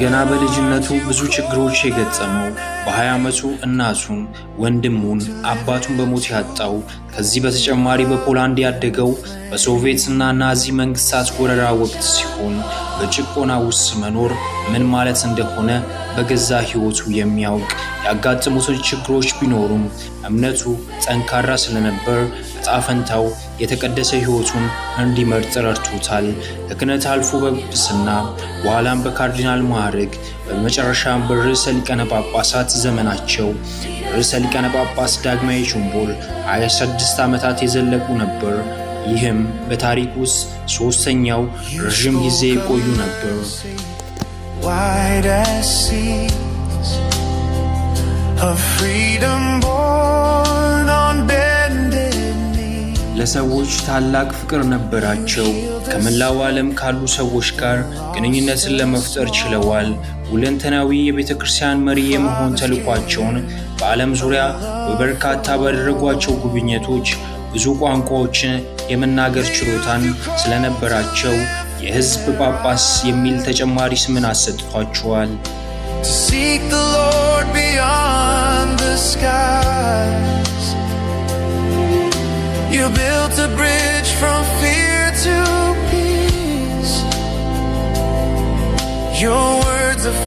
ገና በልጅነቱ ብዙ ችግሮች የገጠመው በ20 ዓመቱ እናቱን፣ ወንድሙን፣ አባቱን በሞት ያጣው ከዚህ በተጨማሪ በፖላንድ ያደገው በሶቪየትና ናዚ መንግስታት ወረራ ወቅት ሲሆን በጭቆና ውስጥ መኖር ምን ማለት እንደሆነ በገዛ ሕይወቱ የሚያውቅ ያጋጠሙትን ችግሮች ቢኖሩም እምነቱ ጠንካራ ስለነበር እጣፈንታው የተቀደሰ ሕይወቱን እንዲመርጥ ረድቶታል። ከክህነት አልፎ በጵጵስና በኋላም በካርዲናል ማዕረግ በመጨረሻም በርዕሰ ሊቃነ ጳጳሳት ዘመናቸው ርዕሰ ሊቃነ ጳጳስ ዳግማዊ ጁምቦል 26 ዓመታት የዘለቁ ነበር። ይህም በታሪክ ውስጥ ሦስተኛው ረዥም ጊዜ የቆዩ ነበር። Wide as seas of freedom born ለሰዎች ታላቅ ፍቅር ነበራቸው። ከመላው ዓለም ካሉ ሰዎች ጋር ግንኙነትን ለመፍጠር ችለዋል። ሁለንተናዊ የቤተ ክርስቲያን መሪ የመሆን ተልኳቸውን በዓለም ዙሪያ በበርካታ ባደረጓቸው ጉብኝቶች ብዙ ቋንቋዎችን የመናገር ችሎታን ስለነበራቸው የሕዝብ ጳጳስ የሚል ተጨማሪ ስምን አሰጥቷቸዋል። You built a bridge from fear to peace. You're